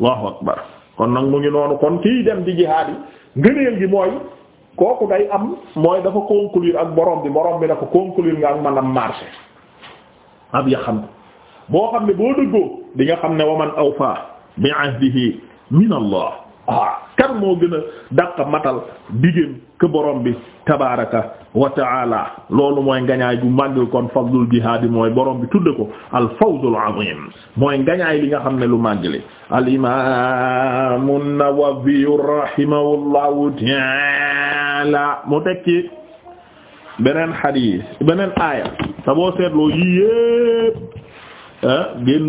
allahu akbar kon nag mu ngi noonu kon kii dem di jihaad yi ngëneel gi mooy kooku day am mooy dafa conclure ak borom bi borom bi dafa conclure nga ak man marché ab yaxam boo xam ne boo dëggoo di nga xam ne waman awfa bi ahdihi min allah ah kan moo gën a dàq matal diggéem ke borom bi tabaraka wa loolu mooy ngañaay bu màgg kon fadlul jihaad yi mooy borom bi tudde ko al fawzul mooy ngañaay li nga xam ne lu màgg li al imam an-Nawawi rahimahullahu taala tekki beneen xadiis beneen aaya te boo seetloo yii yépp ah, génn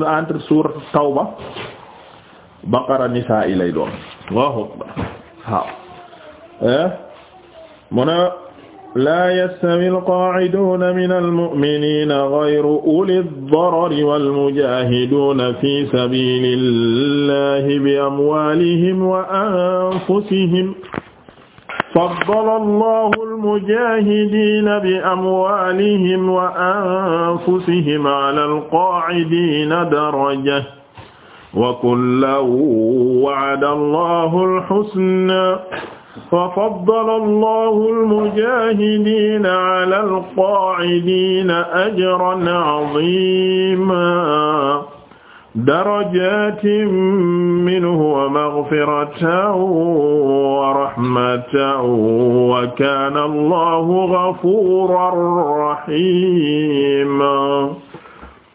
tawba baqara nisaa yi lay doon Allahu akbar waaw eh? mu ne laa yastawi alqaaciduuna min almu'miniina gayru uli darari walmujaahiduuna fi sabiilillahi bi amwaalihim wa anfusihim faddala allahu almujaahidiina bi amwaalihim wa anfusihim ala alqaacidiina daraja wa kullan wa'ada Allahu al-husnaa wa faddala Allahu al-mujaahidiina 'ala al-qaa'idiina ajran 'aziiman darajaatin minhu wa maghfiratan wa rahmatan wa kaana Allahu ghafuuran rahiiman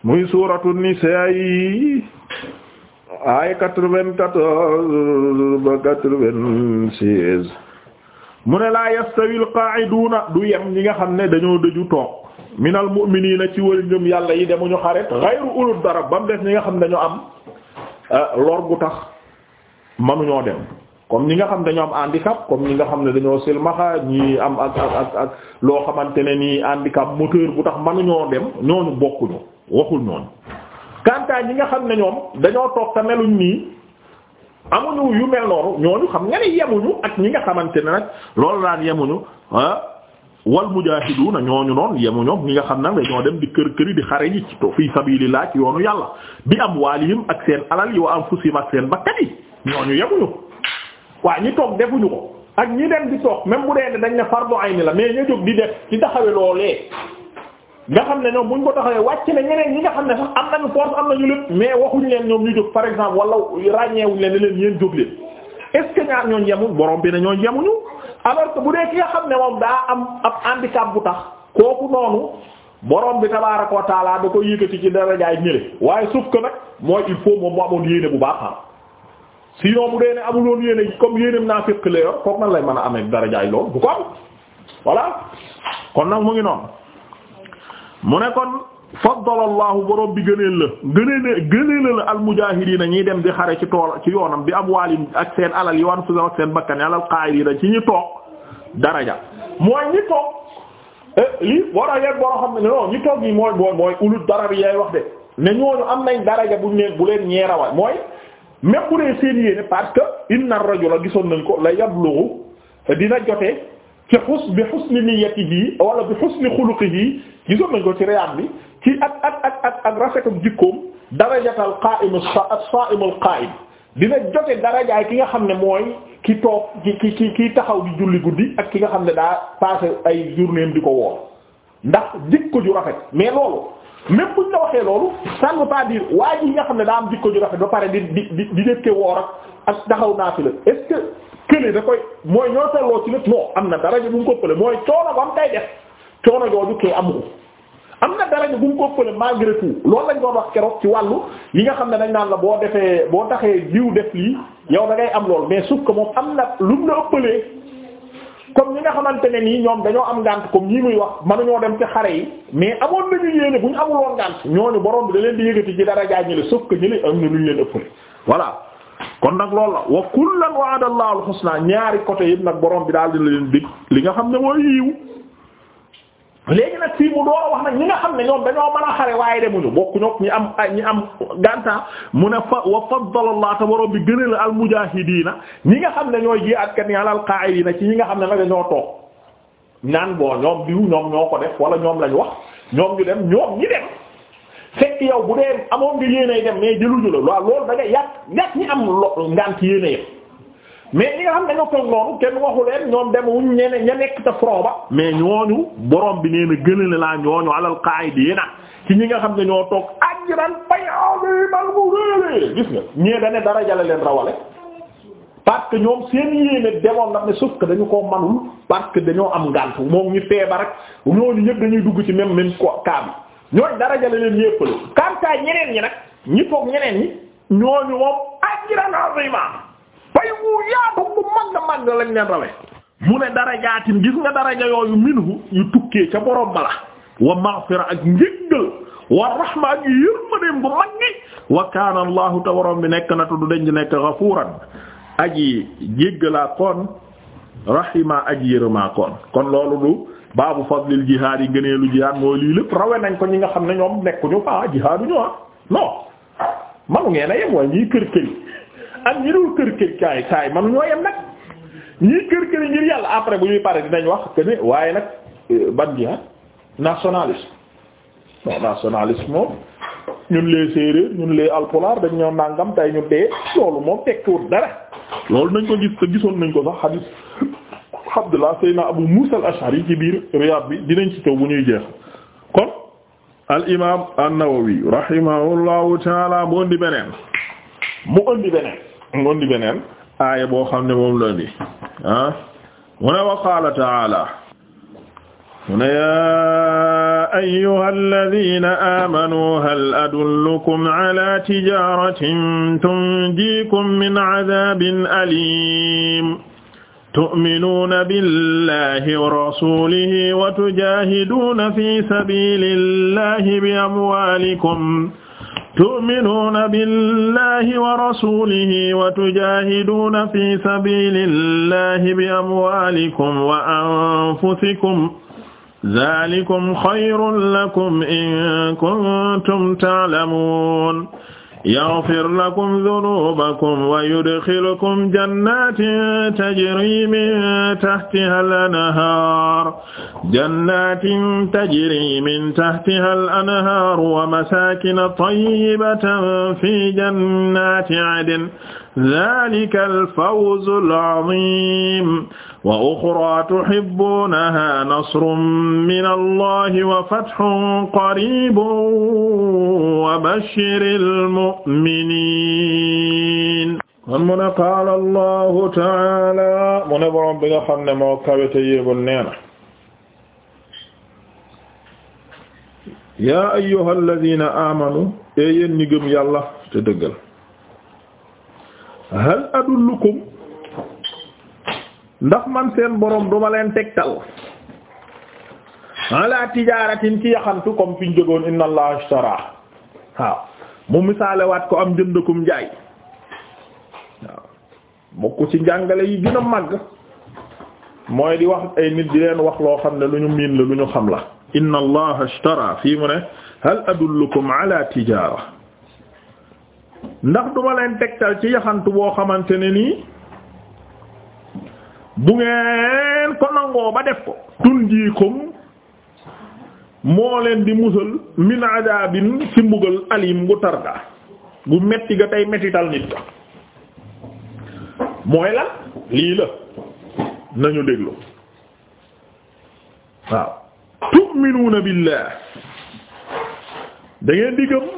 muy suuratu Nisaa ay quatre vingt mu ne laa yastawi alqaa'iduuna du yem ñi nga xam ne dañoo dëju toog minal mu'miniina ci wër ñoom yàlla yi demuñu xaret ghayru ulul darab ba mu ñi nga xam ne dañoo am ah, lor gu tax manuñoo dem comme ñi nga xam dañoo am handicap comme ñi nga xam ne dañoo silmaxa ñi am ak ak ak loo xamante ne nii handicap moteur bu tax manuñoo dem ñooñu bokkuñu waxul ñooñu kantaa ñi nga xam ne ñoom dañoo toog te meluñ nii amuñu yu mel noonu ñooñu xam nga ne yemuñu ak ñi nga xamante ne nag loolu daan yemuñu ah wal mujaahiduuna ñu noonu yemuñu ñi nga xam ne dañoo dem di kër këri di xare ji ci fii sabilillah ci yoonu yàlla bi amwaalihim ak seen alal yi am anfusihim ak seen bakkat yi ñooñu yemuñu waa ñi toog defuñu ko ak ñi dem di toog même bu dee ne dañ ne ay ayni la mais ñu jóg di def ci taxawe loolee nga xam ne ñoom buñ ko taxawee wàcc na ñeneen ñi nga xam ne sax am nañu force am nañu lépp mais waxuñ leen ñoom ñu jóg par exemple wala ràññeewuñ leen ne leen yéen jóg leen est ñaar ñoo yemuñ borom bi nañoo ñooñ yemuñu bu dee ki nga xam ne moom daa am ab handicap bu tax kooku noonu borom bi tabaaraka wa taala da ko yëkkati ci dara jaay ñële waaye sauf ko nag moo il faut moom mu amoon yéene bu baax si ah. sinon bu dee ne amuloon yéene comme yéeneem naa fekk la yor kooku lay mën a amee dara jaay bu ko am voilà kon nag mu ngi noonu. mu ne kon faddala allahu borom bi gëneel la gëneel gëneel la al mujaahidina ñiy dem di xare ci tool ci yoonam bi amwaalim ak seen alal yi wan fusam ak seen bakkan alal qaa'idina ci ñi toog daraja mooy ñi toog eh, lii war a yegg boo xam ne non ñi toog yi mooy mooy mooy ulut dara bi yaay wax de ne ñooñu am nañ daraja bu leen bu leen ñeerawaay mooy même bu dee seen yéene parce que inna rajula gisoon nañ ko la yablughu dina jotee ci xus bi husni niyyatihi wala gisoon nañ ko ci riyaad bi ci ak ak ak ak ak rafetum jikkoom darajatal qaa'im as-saa'im al-qaa'im dina jote darajaay ki nga xam ne mooy ki toog ki ki ki kiy taxaw di julli guddi ak ki nga xam ne daa passé ay journéem di ko woor ndax ko ju rafet mais loolu même buñ la waxee loolu ça ne veut waa ji nga xam ne daa am ko ju rafet ba pare di di di di dëkke woor ak taxaw naa fi la est kële da koy mooy ñoo tolloo ci lépp non am na daraja bu mu ko mooy coono ba mu tay def coono jooju kii amu am na daraja bu mu ko fële malgré tout lool lañ doon wax keroog ci wàllu yi nga xam ne dañ naan la boo defee boo taxee jiw def lii yow da ngay am lool mais suuf ko moom am na lu mu la ëppalee comme ñi nga xamante ne nii ñoom dañoo am ngànt comme ñii muy wax mënuñoo dem ci xare yi mais amoon nañu yéene bu ñu amuloon ngànt ñooñu borom bi da leen di yëgati ñi le sauf que ñi le am na lu ñu leen ëppale voilà kon nag lool la wa kullan wa'ada Allahu al ñaari côté yëpp nag borom bi daal di leen dig li nga xam ne mooy yiw léegi nag fii mu door a wax nag ñi nga xam ne ñoom dañoo mën a xare waaye demuñu bokku ñook ñi am ñi am gàntaa mu ne fa wa faddalallah te waroom bi gënal al mujaahidiina ñi nga xam ne ñooy jihaad kat ni alal qaa'idiina ci ñi nga xam ne nag dañoo toog naan boo ñoom diw ñoom ñoo ko def wala ñoom lañ wax ñoom ñu dem ñoom ñi dem fekk yow bu dee amoon nga yéenay dem mais jëluñu la waaw loolu da ñi am lo ngant yéene yëpp mais ñi nga xam ne dañoo toog noonu kenn waxu leen ñoom dem wuñ ñeneen ña nekk ca front ba mais ñooñu borom bi nee na gënale laa ñooñu alal qaa'idiina ci ñi nga xam ne ñoo toog ajran pay aziimal bu réeré gis nga ñee dañ ne dara jale leen rawale parce que ñoom seen yéene demoon na mais sauf que dañu koo manul parce que dañoo am ngànt moom ñu feebar rek ñooñu ñëpp dañuy dugg ci même même cas bi ñooñu dara jale leen yéppale kantaa ñeneen ñi nag ñi toog ñeneen ñi ñooñu moom ajran aziima pay wu yaatu bu mag mag lañ leen rale mu ne darajaatin gis nga daraja yooyu minhu yu tukkee ca borom bala wa maghfira ak njéggal wa rahma ak yërmandeem bi nekk na tudd dañ nekk ghafuran koon kon loolu du baabu fadlil jihaad yi ngëneelu jihaad mooy lii lépp rawe nañ ko ñi nga xam ne ñoom nekkuñu fa ah jihaadu ah non manu ngeen a yem waaye ñii kër këri ak ñi dul kër kër kaay kaay man ñoo yem nag ñii kër kër ngir yàlla après bu ñuy pare dinañ wax que waaye nag euh, ban gi ah, nationaliste non nationaliste moom ñun les séeréer ñun les alpulaar dañ ñoo nàngam tey ñu dee loolu moom tekkiwul dara loolu nañ ko gis te gisoon nañ ko sax xadis Abdullah Seydina Abu Musa al-Ash'ari ci biir Riyad bi dinañ ci taw bu ñuy jeex kon al imam an-Nawawi rahimahullahu taala mu indi beneen mu indi beneen ngoon di beneen aaya boo xam ne moom la di ah mu ne wa qaala ta'ala mu ne yaa ayyuha alladhina amanu hal adullukum ala tijaratin tunjiikum min adhabin alim tu'minuuna billahi wa rasulihi wa tujahiduuna fi sabilillahi bi amwalikum tu'minuuna billahi wa rasuulihi wa tujaahiduuna fi sabiilillahi bi amwaalikum wa anfusikum zaalikum xayrun lakum in kuntum ta'lamuun yaghfir lakum dunuubakum wa yudxilkum jannaatin tajrii min tahtihaa al-anhaar jannatin tajri min tahtiha al-anhaaru wa masaakina tayyibatan fi jannati adn zaalika al-fawzu al-aziim wa uxraa tuhibbuunahaa nasrun min allahi wa fathun qariibun wa bashshiril mu'miniin kon mu ne qaala allahu taala mu ne boroom bi nga xam ne moo kawite yéegul nee na yaa ayyuha alladina amanu e yéen ñi gëm yàlla te dëggal hal adullukum ndax man seen borom duma leen tegtal ala tijaaratin ci yaxantu comme fi ñu jógoon inna allaha ashtara waaw mu misaale waat ko am jëndakum njaay waaw bokk ci njàngale yi gën a màgg mooy di wax ay nit di leen wax loo xam ne lu ñu miin la lu ñu xam la inna allaha ishtara fii mu ne hal adullukum ala tijaara ndax duma leen tegtal ci yaxantu boo xamante ne nii bu ngeen ko nangoo ba def ko tunjiikum moo leen di musal min adabin ci mbugal alim gu tarda gu metti ga tey mettital nit ka mooy la lii la nañu déglu waaw tu'minuuna billah da ngeen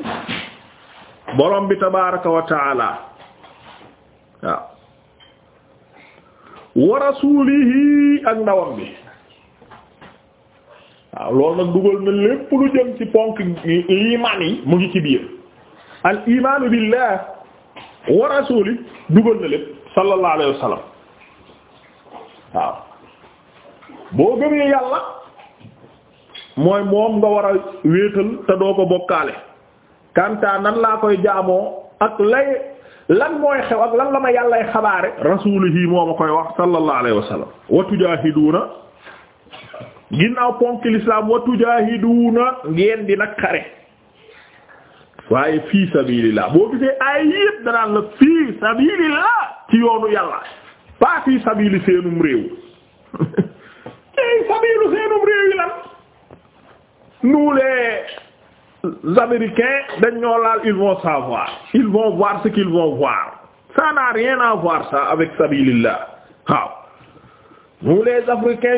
borom bi tabaaraka wa taala waaw wa ak ndawam bi waaw loolu nag dugal na lépp lu jëm ci ponk imaan yi mu ngi ci biir al imaanu billah wa rasuuli dugal na lépp sallallahu alayhi wa waaw boo gëmee yàlla mooy moom nga war a wéetal te doo ko bokkaale kanta nan laa koy jaamoo ak lay lan mooy xew ak lan la ma yàllay xabaare rasuulihi moo ma koy wax sallallahu alayhi wa sallam wa tujaahiduuna ginnaaw ponk lislaam wa tujaahiduuna ngeen di nag xare waaye fii sabilillah boo gisee ay yépp danaan la fii sabilillah ci yoonu yàlla pas fii sabili seenum réew fii sabilu seenum réew yi lan nous les Américains dañ ñoo laal ils vont savoir ils vont voir ce qu'ils vont voir ça n'a rien à voir ça avec sabilillah waaw nous les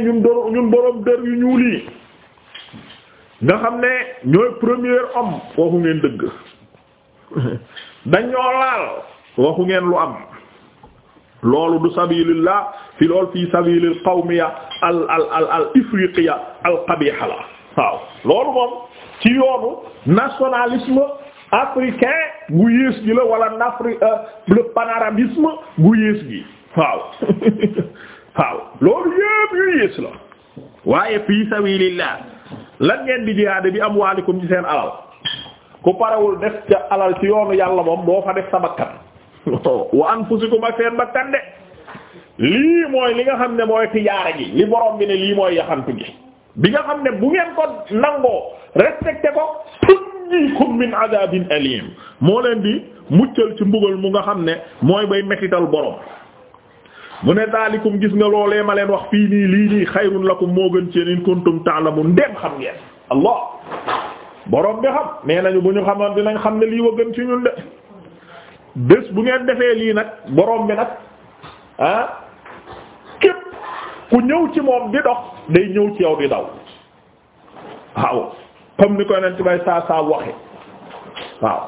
ñun doro ñun borom dër yu ñuul yi nga xam ne ñooy premier om waxu ngeen dëgg dañ laal waxu ngeen lu am loolu du sabilillah fi loolu fi sabilil qawmiya al al al al al qabiha la waaw loolu moom ci yoonu nationalisme africain gu yées gi la wala nafri euh, le panarabisme gu yées gi waaw waaw loolu yépp yu yées la waaye fii sabilillah lan ngeen di jihaade bi am waalikum ci seen alal ku parewul def ca alal ci yoonu yàlla moom doo fa def sa bakkan wa anfusikum ak seen bakkan de lii mooy li nga xam ne mooy tijaara gi li borom bi ne lii mooy yaxantu gi bi nga xam ne bu ngeen ko nangoo respecté ko tunjiikum min adabin alim moo leen di muccal ci mbugal mu nga xam ne mooy bay mettital borom mu ne daalikum gis nga loolee ma leen wax fii nii lii nii xayrun lakum moo gën ci in kuntum ta'lamun ndem xam ngeen allah boroom bi xam nee nañu bu ñu xamoon dinañ xam ne lii wa gën ci ñun de bés bu ngeen defee lii nag boroom bi nag ah képp ku ñëw ci moom di dox day ñëw ci yow di daw waaw comme ni koy neen ci bay saa saa waxe waaw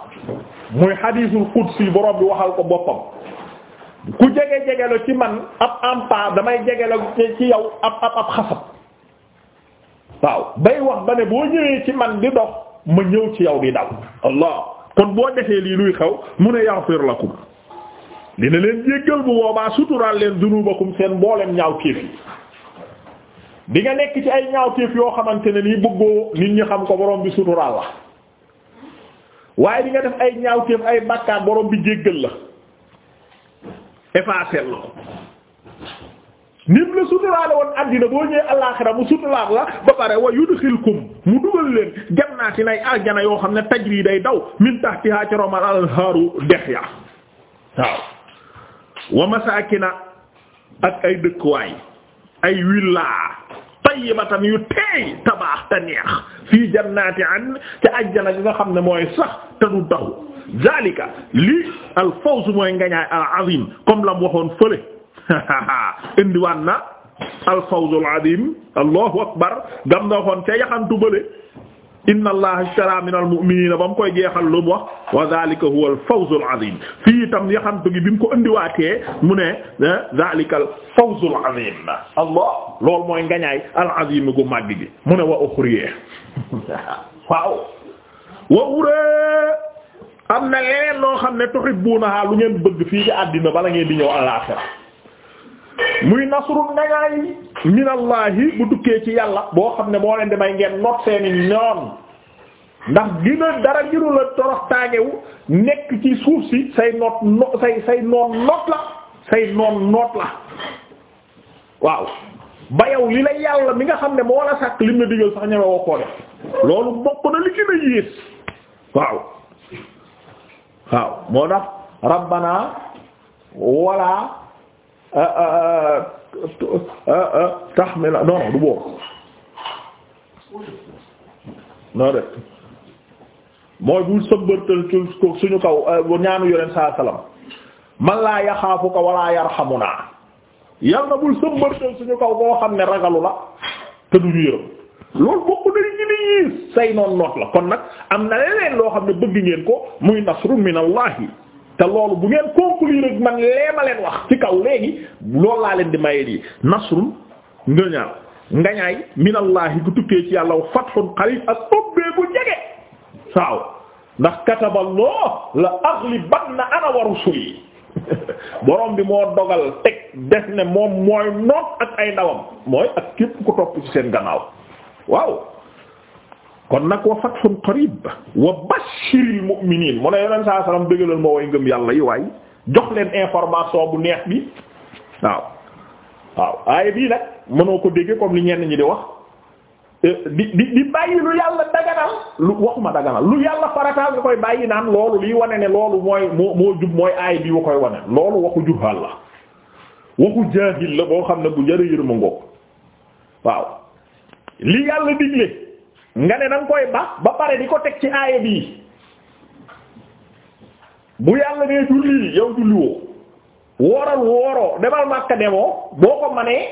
muy hadiisul qudsi borom bi waxal ko boppam ku jege jegelu ci man ab empan damay jegelu ci yaw ab ab ab xasab waaw bay wax ba ne boo ñëwee ci man di dox ma ñëw ci yow di daw allah kon boo defee lii luy xew mu ne yaghfir lakum dina leen jéggal bu boobaa suturaal leen dunubakum seen mboolem ñaaw téef yi di nekk ci ay ñaaw téef yoo xamante ne nii bëggoo nit ñi xam ko borom bi suturaal la waaye di nga def ay ñaaw téef ay bàkkaar borom bi jéggal la effacer la ko nim la suturaale woon àddina boo ñëwee alaaxira mu la ba pare wa yudxilkum mu dugal leen jannaati nay aljana yoo xam ne tajri day daw min tahtiha ci romal alhaaru dex ya waaw wa masakina ak ay dëkkuwaay ay willaa tayyibatan yu teey tabaax te neex fii jannaati an ca ajjana gi nga xam ne mooy sax te du daxu zalika lii al fawz mooy ngañaay al azim comme lam waxoon fële indiwaan na al fawz al azim allahu akbar gam na waxoon ca yaxantu bële inna allaha ishtara min al mu'minina ba mu koy jeexal lu mu wax wa dhalika huwa al fawz al azim fii itam yaxantu gi bi mu ko indiwaatee mu ne dhalika eh, al fawz al azim allah loolu mooy ngañaay al azim gu màgg gi mu ne wa ukhriya waaw wa uree am na leneen loo xam ne tuhibbunaha lu ngeen bëgg fii ci àddina bala ngeen di ñëw al axira muy nasrun ngañaay minallahi bu tukkee ci yàlla boo xam ne moo leen di ngeen not seeni noon ndax gina dara giru la torox taagewu nekk ci suuf si say noot no say noon noot la say noon noot la waaw ba yow li la yàlla mi nga xam ne moo la sàkk lim na digal sax ñeme def loolu bokk na li gën a yées waaw waaw moo tax rabbana wala Euh, euh, euh, taxmila non non du boobu non de mooy bul sëmbërtal ci suñu kaw ñaanu yoneen saa salaam man laa yaxaafu ko wala yarxamu naa yal na bul sëmbërtal suñu kaw boo xam ne ragalu la te du ñu yërëm loolu bokk nañ ñi ni say noon noot la kon nag am na leneen loo xam ne bëgg ngeen ko muy nasru minallahi te loolu bu ngeen conclure ak man lee ma leen wax ci kaw léegi loolu laa leen di maye yi nasrun ngañaaw ngañaay minallahi ku tukkee ci yàlla wa fathun ak ubbee bu jege waaw ndax kataballah la aghlibanna ana wa rusuli borom bi moo dogal teg def ne moom mooy noot ak ay ndawam mooy ak képp ku topp ci seen gannaaw waaw kon nag wa fathun qarib wa bashiril mu'minin mu ne yoneen saa salaam bégalal ma way ngëm yàlla yi waay jox leen information bu neex bi waaw waaw aaya bii nag mënoo ko déggee comme li ñenn ñi di wax euh, di di bàyyi lu yàlla daganal lu waxuma daganal lu yàlla farataal nga koy bàyyi naan loolu liy wane ne loolu mooy moo moo jub mooy aaya bi wa koy wane loolu waxu juhaal la waxu jaahil la boo xam ne bu jërë yër ma ngoog waaw li yàlla digle nga ne da koy ba ba pare di ko teg ci aaya bii bu yàlla nee julli yow julliwoo wooral wooroo demal Makka demoo boo ko manee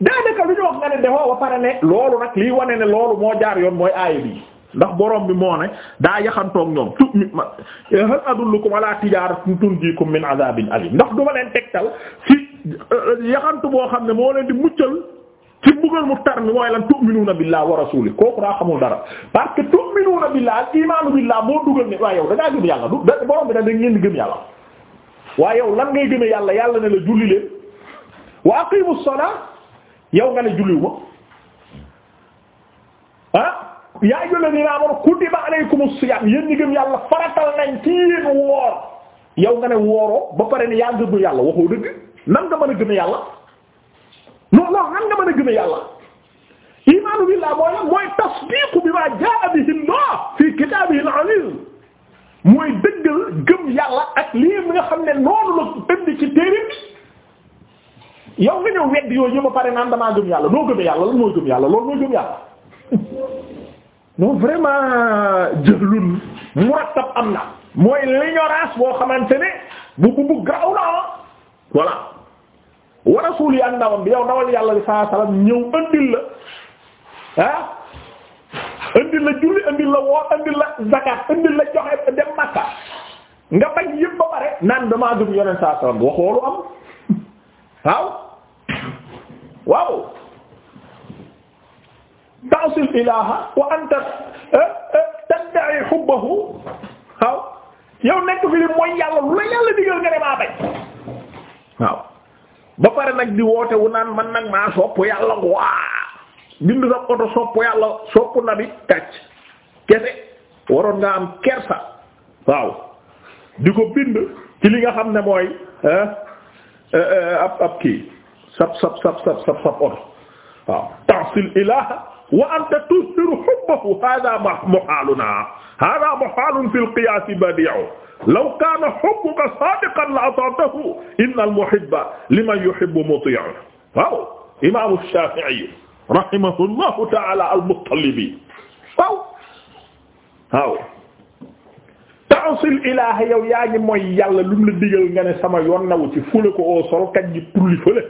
daanaka lu ñu wax nga ne defoo ba pare ne loolu nag lii wane ne loolu moo jaar yoon mooy aaya bii ndax boroom bi moo ne daa yaxantoog ñoom tu ma hal adullukum ala tijaratin tunjikum min azabin alim ndax duma leen tegtal ci euh, yaxantu boo xam ne moo leen di muccal ci mbugal mu tar mi mooy lan tu'minuuna billahi wa rasuulihi kooku daa dara parce que tu'minuuna billahi imaanu billahi boo dugal ne waaye yow da ngaa gëm yàlla du da borom bi da ngeen di yàlla yàlla yàlla la julli leen wa aqiimu salaa yow nga ne julliwuma ah yaa jëlee ni naa war kutiba alaykumu siyaam yéen ñi gëm yàlla faratal nañ ci yéen woor yow nga ne wooroo ba pare ne yaa gëm yàlla waxoo dëgg nan nga mën a gëm yàlla. non non nan nga mën a gëm yàlla imaanu billah mooy lan mooy tasdiqu bima jaa bihi Allah fi kitaabihi al-aziz mooy dëggal gëm yàlla ak lii mi nga xam ne noonu la ënd ci téere bi yow nga ñëw wedd yooyu yëpp a pare naan damaa gëm yàlla noo gëm yàlla lan mooy gëm loolu mooy gëm yàlla non vraiment jëlun murattab am na mooy l'ignorance boo xamante ne bu bu bu graw la ah. voilà wa rasul yi ak ndawam bi yow ndawal yàlla bi saa salaam ñëw andil la ah andil la julli andil la woor andil la zakat andil la joxe dem Makka nga bañ yëpp ba pare naan damaa gëm yoneen saa salaam waxoo lu am waaw waaw ta'sil ilaha wa anta eh, eh, tadda'i hubbahu waaw yow nekk fi li mooy yàlla lu la yàlla digal nga ne maa bañ waaw ba pare nag di woote wu naan man nag maa sopp yàlla waa bind sa oto sopp yàlla sopp na bi tàcc kese waroon nga am kersa waaw di ko bind ci li nga xam ne mooy eh, eh, ab ab kii sab sab sab sab sab oto waaw tansil ilaha wa anta tusfiru hubbahu hada muhaaluna hada muhaalun fi lqiyaasi badi'u law kaana hubbuka saadiqan la ata'tahu inna al-muhibba liman yuhibbu muti'u waaw imaamu Shaafi'i rahimahullahu ta'ala al-Muttalibi waaw waaw ta'sil ilaaha yow yaa ngi mooy yàlla lu mu la digal nga ne sama yoon nawu ci fule ko oo sol kat ji tulli fële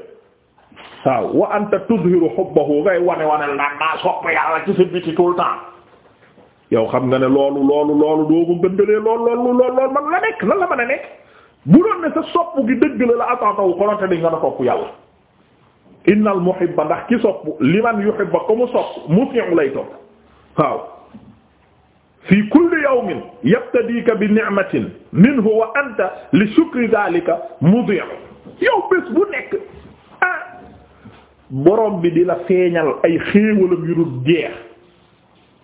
waaw wa anta tuzhiru hubbahu ngay wane wane naan maa sopp yàlla ci sa biti tout le temps yow xam nga ne loolu loolu loolu doo ko gëndalee lool lool lool lool man la nekk lan la mën a nekk bu doon ne sa sopp gi dëgg la la atatawu konoonte di nga a sopp yàlla innal muhibba ndax ki sopp liman yuhibba ko mu sopp muti'u lay topp waaw fii kulli yawmin yabtadika bi ni'matin minhu wa anta li shukri dhalika mudi'u yow bés bu nekk borom bi di la feeñal ay xéewalam yu dul jeex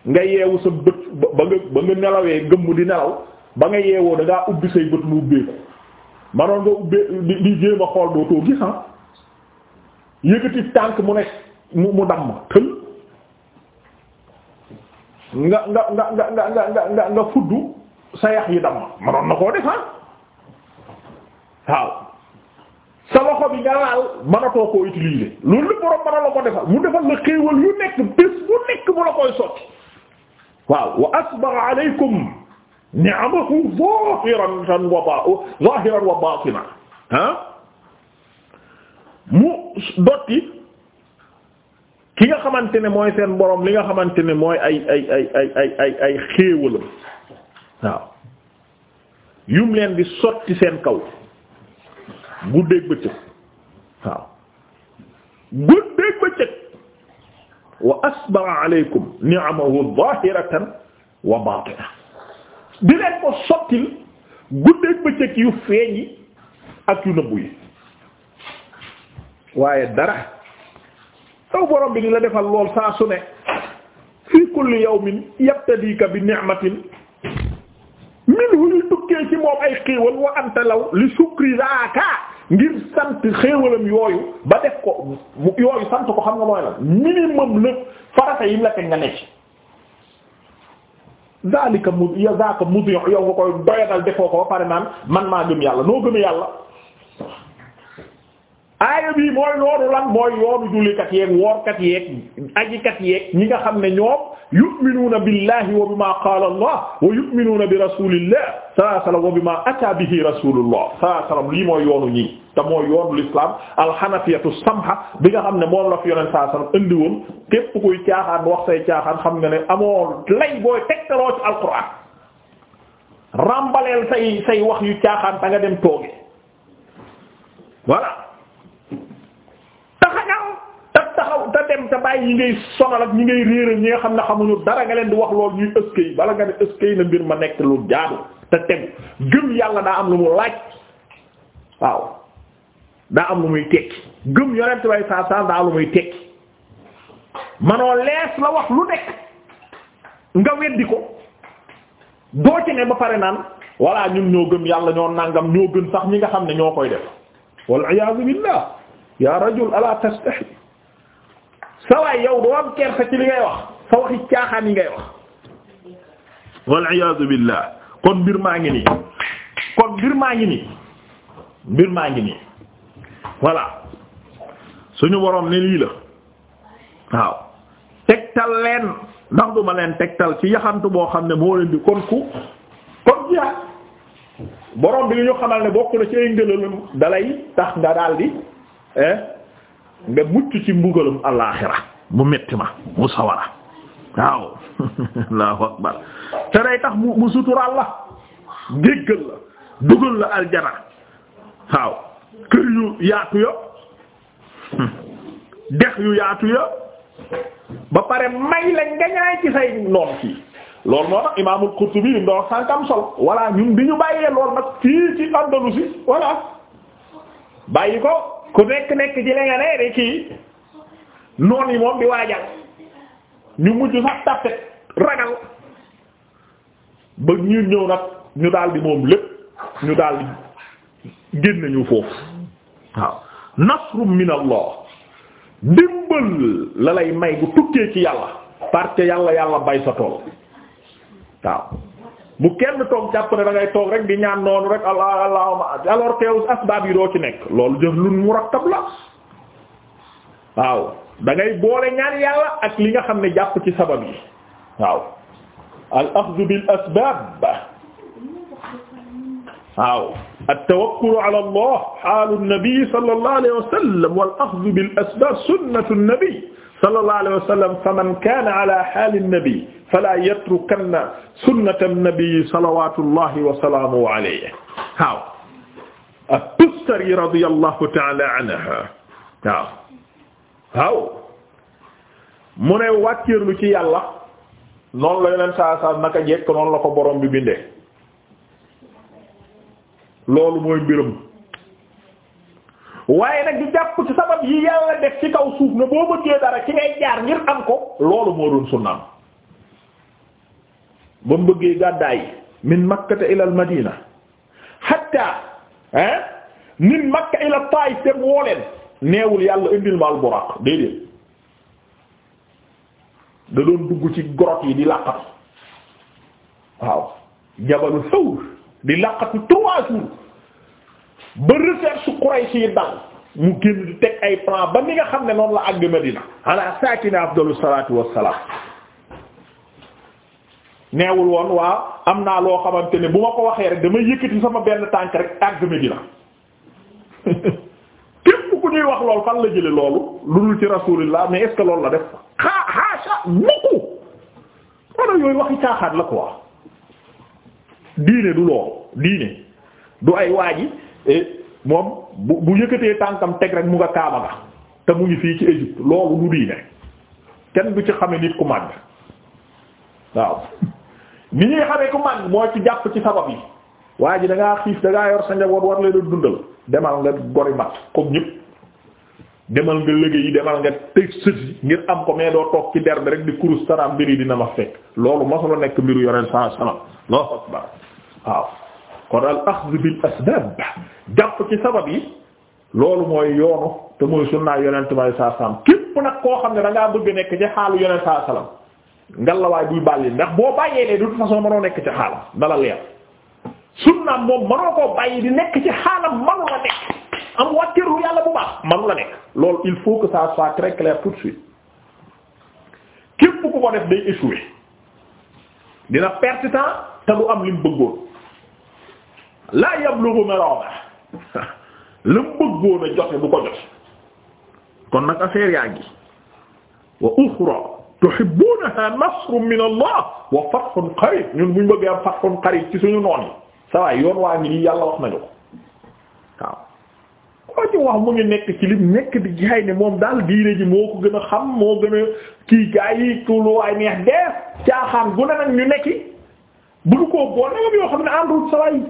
nga yeewu sa bët ba nga ba nga nelawee gëmm di nelaw ba nga yeewoo da ubbi say bët mu ubbeeku manoon nga ubbee di jéem a xool dootoo gis ah yëkkati tànk mu ne mu mu damm tël nga nga nga nga nga nga nga nga fudd sa yax yi damm manoon na koo def ah waaw sa loxo bi nga laal mënatoo koo utiliser loolu lu borom mën a la ko defal mu defal la xéewal yu nekk bés bu nekk bu la koy sotti waaw wa asbagha alaykum ni'amahu zahiran wa wa batina ah mu dotti ki nga xamante ne mooy seen borom li nga xamante ne mooy ay ay ay ay ay ay ay leen di sotti seen kaw guddeeg bëccëg waaw guddeeg bëccëg wa asbara alaykum ni'amahu zahiratan wa batina di leen ko sottil guddeeg bëccëg yu feeñ yi ak yu nëbbu yi waaye dara taw borom bi ni la defal lool saa su ne fi kulli yawmin yabtadika bi ni'matin minhu li tukkee ci moom ay xiiwal wa anta law li shukri zaaka ngir sant xéewalam yooyu ba def ko yooyu sant ko xam nga mooy lan minimum la farata yi la teg nga nekk zalika mu ya zaka mudiyo yow nga koy doyadal defoo ko ba pare naan man maa gëm yàlla noo gëm yàlla aaya bii mooy loolu lan mooy yoonu jullikat yeeg woorkat yeeg ajikat yeeg ñi nga xam ne ñoom yu'minuuna billahi wa bima qaala allah wa yu'minuuna bi rasulillah sallallahu alayhi wa sallam wa bima ata bihi rasulullah sallallahu alayhi wa sallam lii mooy yoonu ñii te mooy yoonu l'islam alxanafiyatu samha bi nga xam ne moom la fi yoneen sallallahu alayhi wa sallam indi woon caaxaan wax say caaxaan xam nga ne amoo lay booy tegtaloo ci alquran rambaleel say say wax yu caaxaan ta dem tooge taxaw te dem te bàyyi ñi ngay sonal ak ñi ngay réeral ñi nga xam ne xamuñu dara nga leen di wax lool ñuy ëskey bala nga ne ëskey na mbir ma nekk lu jaadu te tegu gëm yàlla daa am lu mu laaj waaw daa am lu muy tekki gëm yonent bay saa saa daa lu muy tekki manoo lees la wax lu nekk nga weddi ko doo ci ne ba pare naan walla ñun ñoo gëm yàlla ñoo nàngam ñoo gën sax ñi nga xam ne ñoo koy def wal iyaazu billah ya rajul ala tastahi sa waay yow doo am kersa ci li ngay wax sa waxi caaxaan yi ngay wax wal iyaadu billah kon mbir maa ngi nii kon mbir maa ngi nii mbir maa ngi nii voilà suñu boroom ne lii la waaw tegtal leen ndax duma leen tegtal ci yaxantu boo xam ne moo leen di kon ku kon boroom bi ñu xamal ne bokk na ci ay dalay tax nga daldi eh, nga mucc ci mbugalum alaaxira mu metti ma mu sawara waaw allahu te day tax mu mu suturaal la jéggal la dugal la aljana waaw kër yu yaatu yo dex yu yaatu yo ba pare may la ngañaay ci say noon fii loolu moo tax imaamul Qurtubi di ndox sànkam sol voilà ñun bi ñu bàyyee lool nag fii ci Andalusi voilà bàyyi ko ku nekk nekk ci la nga ne rek yi noon yi moom di waajal ñu mujj sax tappet ragal ba ñu ñëw nag ñu daldi moom lépp ñu daldi génn ñu foofu waaw nasrum min allah ndimbal la lay may bu tukkee ci yàlla parce yàlla yàlla bay sa tool waaw bu kenn toog jàpp ne da ngay toog rek di ñaan noonu rek allah allahumma alors teew asbaab yi doo ci nekk loolu jëf lu murakkab la waaw da ngay boole ñaan yàlla ak li nga xam ne jàpp ci sabab yi waaw al axdu bil asbaab waaw at tawakkulu ala allah xaalu nabi sallallahu alayhi wa sallam wal axdu bil asbaab sunnatu nabi sallallahu alayhi wa sallam faman kaana ala haali nabi fala yatrukanna sunnata nabi salawatullahi wa salaamuhu alayhi waaw at-Tustari radiyallahu ta'ala anha waaw waaw mu ne wàkkiirlu ci yàlla noonu la yoneen saa saa naka jekk noonu la ko borom bi bindee loolu mooy mbirum waaye nag di jàpp ci sabab yi yàlla def ci kaw suuf na boo bëggee dara ci ngay jaar ngir am ko loolu moo doon sunnaam ba mu bëggee gàddaay min makkata ila al madina hatta hein min makka ila taif te woo leen neewul yàlla indil ma al buraq déedéet da doon dugg ci grotte yi di làqatu waaw jabalu sawr di làqatu trois jours ba recherche Quraysh yi dal mu génn teg ay plan ba ni nga xam ne noonu la àgg Madina ala saakina afdalu salaatu wassalaam neewul woon waa am naa loo xamante ne bu ma ko waxee rek damay yëkkati sama benn tànk rek àgg Madina képp ku ñuy wax lool fan la jële loolu lu dul ci Rasulillah mais est-ce loolu la def xaa xaasa mukku walla yooyu waxi caaxaat la quoi diine du loolu diine du ay waaji Eh, moom bu bu yëkkatee tànkam teg rek mu nga kaaba nga te mu ngi fii ci Égypte loolu du diine kenn du ci xame nit ku màgg waaw ni ñuy xamee ku màgg moo ci jàpp ci sabab yi waa ji da ngaa xiif da yor sa njaboot war leen a dundal demal nga gori mat comme ñëpp demal nga liggéey yi demal nga tëj sët yi ngir am ko mais doo toog ci der rek di kurus taraam mbir yi dina ma fekk loolu mosula nekk mbiru yoreen sa salam Allahu akbar waaw kon al axd bil asbaab jàpp ci sabab yi loolu mooy yoonu te mooy sunnaa yonent bi saa salaam képp nag koo xam ne da ngaa bëgg nekk ci xaalu yonent saa salaam ngallaawaay buy bàyyi ndax boo bàyyee ne de toute façon mënoo nekk ci xaalam dala leer sunnaam moom mënoo koo bàyyi di nekk ci xaalam mënu la nekk am wàcceeru yàlla bu baax mënu la nekk loolu il faut que ça soit très clair tout de suite képp ku ko def day échouer dina perte te du am li mu bëggoon. laa yablugu miraama la mu joxe du ko joxe kon nag affaire yaa ngi wa uxra tuhibbunaha nasrun min allah wa fathun qarib ñun buñ bëggee am fathun qarib ci suñu noon yi sa waay yoon waa ngi yàlla wax nañu ko waaw koo ci wax mu ngi nekk ci lim nekk di jaay moom daal diine ji moo ko gën a xam moo gën a kii gaa yi tuluwaay neex def caaxaan gu ne ñu nekki bu du koo boole nga yoo xam ne àndul sa waay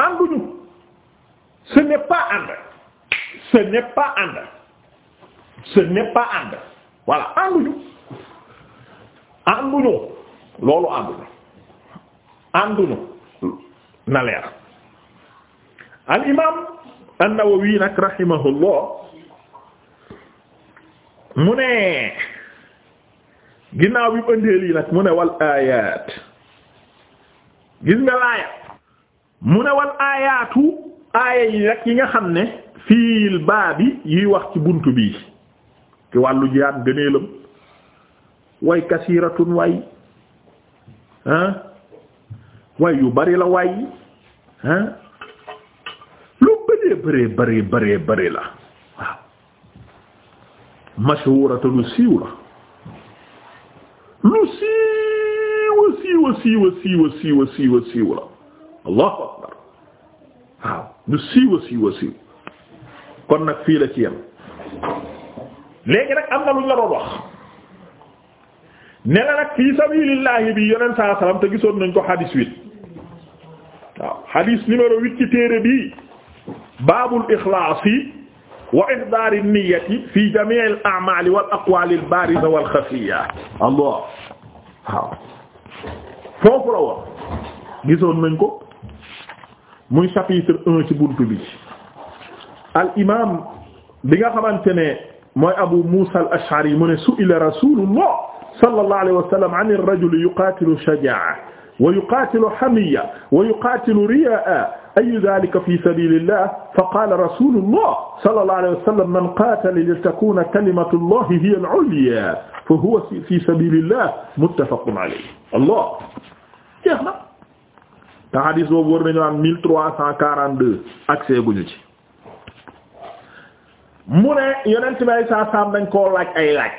ànduñu ce n'est pas ànd ce n'est pas ànd ce n'est pas ànd voilà ànduñu ànduñu loolu ànduñu ànduñu na leer al imaam an-Nawawi nag rahimahullah mu ne ginnaaw bi mu wal aayaat gis nga laaya mu ne wal aayaatu aaya yi rek yi nga xam ne fiil baabi yiy wax ci bunt bii ci wàllu jihaad gëneelam way kasiratun way ah way yu bari la way ah lu bëree bëree bëree bëree bëri la waaw mashhuurata lu siiw la lu siiwa siiwa siiwa siiwa siiwa siiwa siiw la allahu akbar waaw ñu siiwa siiwa kon nag fii la ci yem léegi nag am na luñ la doon ne la nag fii sabilillahi bi yonent saa salaam te gisoon nañ ko hadis huit waaw hadis numéro huit ci téere bi baabul ixlaasi wa ihdaari niyyati fi jamii allah waaw foofu gisoon nañ ko muy chapitre un ci buntu bi al imaam bi nga xamante ne mooy abu musa al ash'ari mu ne su'ila rasulullah sallallahu alayhi wa sallam an ar-rajuli yuqatilu shajaa'a wa yuqatilu hamiyya wa yuqatilu riyaa'a ayyu dhaalika fi sabiilillah fa qaala rasulullah sallallahu alayhi wa sallam man qaatala litakuna kalimatullahi hiya al-'ulyaa fa huwa fi sabiilillah muttafaqun alayhi allah jeex na te xadis boobu war nañu am mille trois cent quarante deux accès guñu ci mu ne yonent saa saam dañ koo laaj ay laaj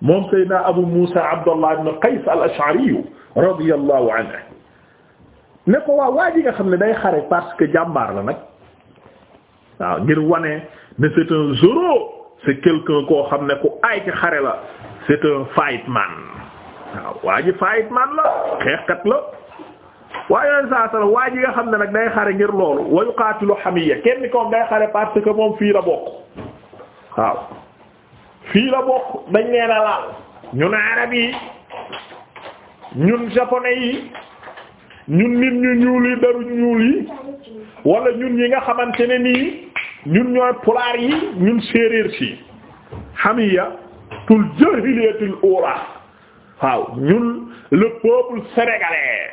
moom Seydina Abu Musa Abdullah ibn Qays al-Ash'ari radiyallahu anhu ne ko waaw waa ji nga xam ne day xare parce que jàmbaar la nag waaw ngir wane ne c'est un zoro c'est quelqu'un koo xam ne ku aay ci xare la c'est un fight man waaw waa ji faayit man la xeexkat la waaye yeneen saa sala waa ji nga xam ne nag day xare ngir loolu wa yuqaatilu hamiya kenn koom day xare parce que moom fii la bokk waaw fii la bokk dañ leen a laal ñun arab yi ñun japonais yi ñun nit ñu ñuul yi daru ñuul yi wala ñun yi nga xamante ne nii ñun ñooy pulaar yi ñun séeréer si hamiyatul jahiliyatul ula waaw ñun le peuple sénégalais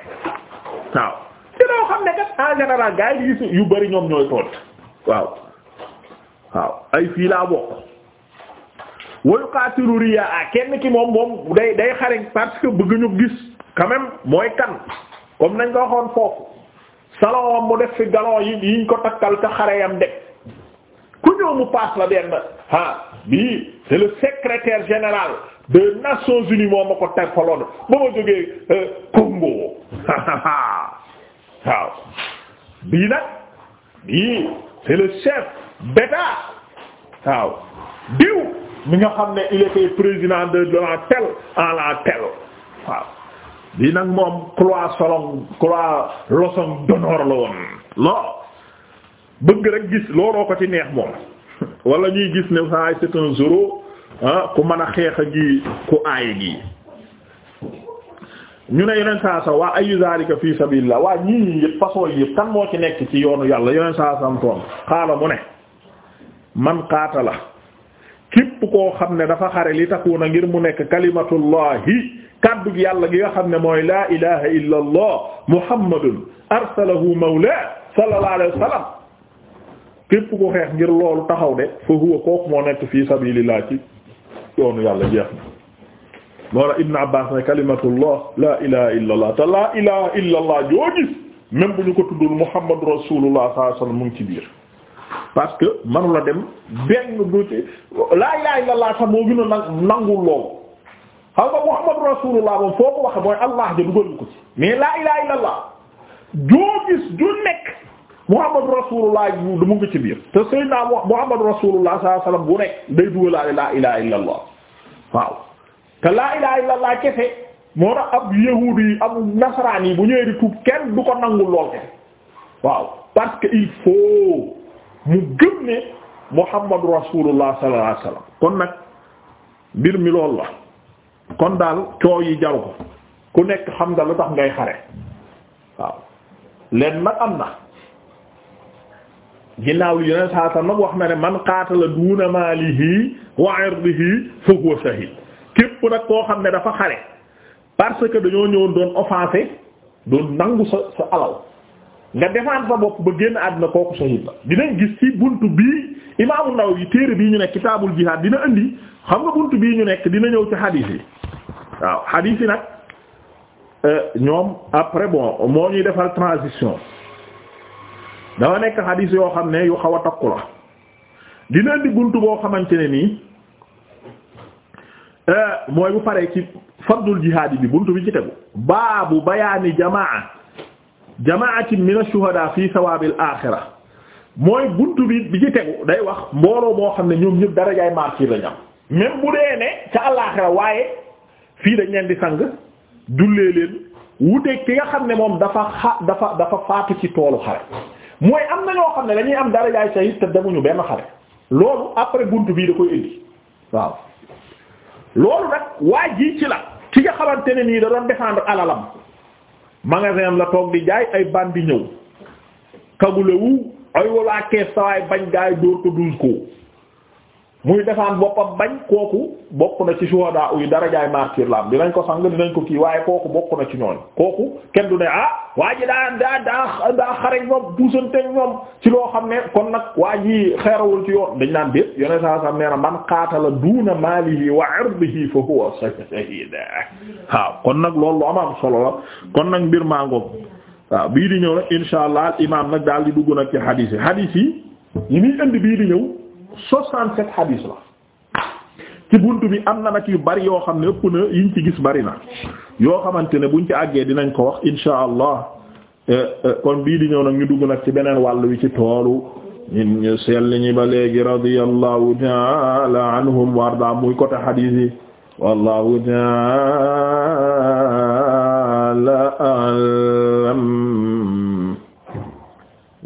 waaw te loo xam ne kat en général gars yi gis yu bari ñoom ñooy toot waaw waaw ay fii laa bokk wayu xaatilu ria kenn ki moom moom day day xare parce que bëgg ñu gis quand mooy kan comme nañ ko waxoon foofu salon mu def fi galon yi yiñ ko takkal ca xare yam deg ku ñëw mu paas la benn ah bii c'est le secrétaire général des Nations Unies moo ma ko terfaloon ba ma jógee euh, Congo waaw bii nag bii c'est le chef d'État waaw diw mi nga xam ne il était président de la en la waaw bii nag moom croix solon croix loson d'honneur la woon loo bëgg rek gis looloo ko ci neex moom wala ñuy gis ne saay ah, c'est un zéro ku mën a xeex a gi ku aay gi ñu ne yeneen saa sa waa ay zalika fi sabilillah waa ñii ñii yëpp façon yëpp kan moo ci nekk ci yoonu yàlla yeneen saa sam toon xaala mu ne man qaatala képp koo xam ne dafa xare li na ngir mu nekk kalimatullahi kaddu gi yàlla gi nga xam ne mooy laa ilaha illa allah muhammadun arsalahu mawla sallallahu alayhi wa képp ko xeex ngir loolu taxaw de fa huwa kooku moo nekk fi sabilillah ci yoonu yàlla jeex na moo la Ibn Abbas ne la ilaha illa allah la ilaha illa allah joo gis même bu ñu ko tuddul mu ngi ci biir parce que manu dem benn du la ilaha illa allah sax moo gën a nangul loolu xam nga Muhammad rasulullah moom foo mooy allah ja dugal ko ci mais la ilaha illa allah joo Muhammadu Rasulullah yu mu ngi ci biir te Seydina Muhammadu Rasulullah sallallahu alayhi wasallam bu nekk day dugalale laa ilaha illallah waaw te laa ilaha illallah kese moo tax ab yahuudi ab nasaraan bu ñëwee di kenn du ko nangul lool kese waaw parce que il faut mu gëm ne Muhammadu Rasulullah sallallahu alayhi wasallam kon nag mbir mi loolu la kon daal coow yi jaru ko ku nekk xam nga lu tax ngay xare waaw leen nag am na. ginnaaw li yeneen saa sallam wax ma ne man qaatala duuna maalihi wa irdihi fa huwa shahid képp nag koo xam ne dafa xare parce que dañoo ñëwoon doon offensé doon nangu sa sa alal nga défendre sa bopp ba génn àddina kooku shahid la dinañ gis ci buntu bii imaamu Nawawi téere bii ñu nekk kitaabul jihaad dina indi xam nga buntu bii ñu nekk dina ñëw ci hadith yi waaw hadith nag euh, ñoom après bon moo ñuy defal transition dafa nekk xadiis yoo xam ne yu xaw a takku la dina indi buntu boo xamante ne nii euh, mooy bu paree ci fardul jihaad bi bunt bi ci tegu baabu bayaani jamaa jamaatin min ash-shuhadaa fi sawaabil aaxira mooy buntu bi bi ci tegu day wax mbooloo moo xam ne ñoom ñëpp darajaay martyr la ñam même bu dee ne ca alaaxira waaye fii dañ leen di sang jullee leen wuteeg ki nga xam ne moom dafa xa dafa dafa faatu ci toolu xare mooy am na ñoo xam ne dañuy am dara jaay shahid te demuñu benn xare loolu après bunt bii da koy indi waaw loolu nag waa ji la ki nga xamante ne nii da doon défendre alalam magasin am la toog di jaay ay bandi ñëw kagulewu ay walaa kees sawaay bañ gaay dóor ko ko muy defaan boppam bañ kooku bokk na ci shuhada uy darajaay martyr la dinañ ko sang dinañ ko kii waaye kooku bokk na ci ñooñ kooku kenn du ne ah waa ji daa daa daa daa xare ñoom buusanteeg ñoom ci loo xam ne kon nag waa ji xeerawul ci yoon dañ naan bépp yoneen saa sax nee na man qaatala duuna maalihi wa irdihi fa huwa shahid waaw kon nag lool lu am am solo la kon nag mbir màngo ngoog waaw bii di ñëw nag insha allah al imaam nag daal di dugg nag ci hadith yi hadith yi yi bii di ñëw. soixante-sept hadith la ci buntu bi am na nag yu bari yoo xam ne ëpp na yiñ ci gis bari na yoo xamante ne buñ ci àggee dinañ ko wax insha allah eh, eh, kon bii di ñëw nag ñu dugg nag ci beneen wàll wi ci toolu ñun ñu sell ñi ba léegi radiyallahu ta'ala anhum warda muy côté hadith yi wallahu ta'ala a'lam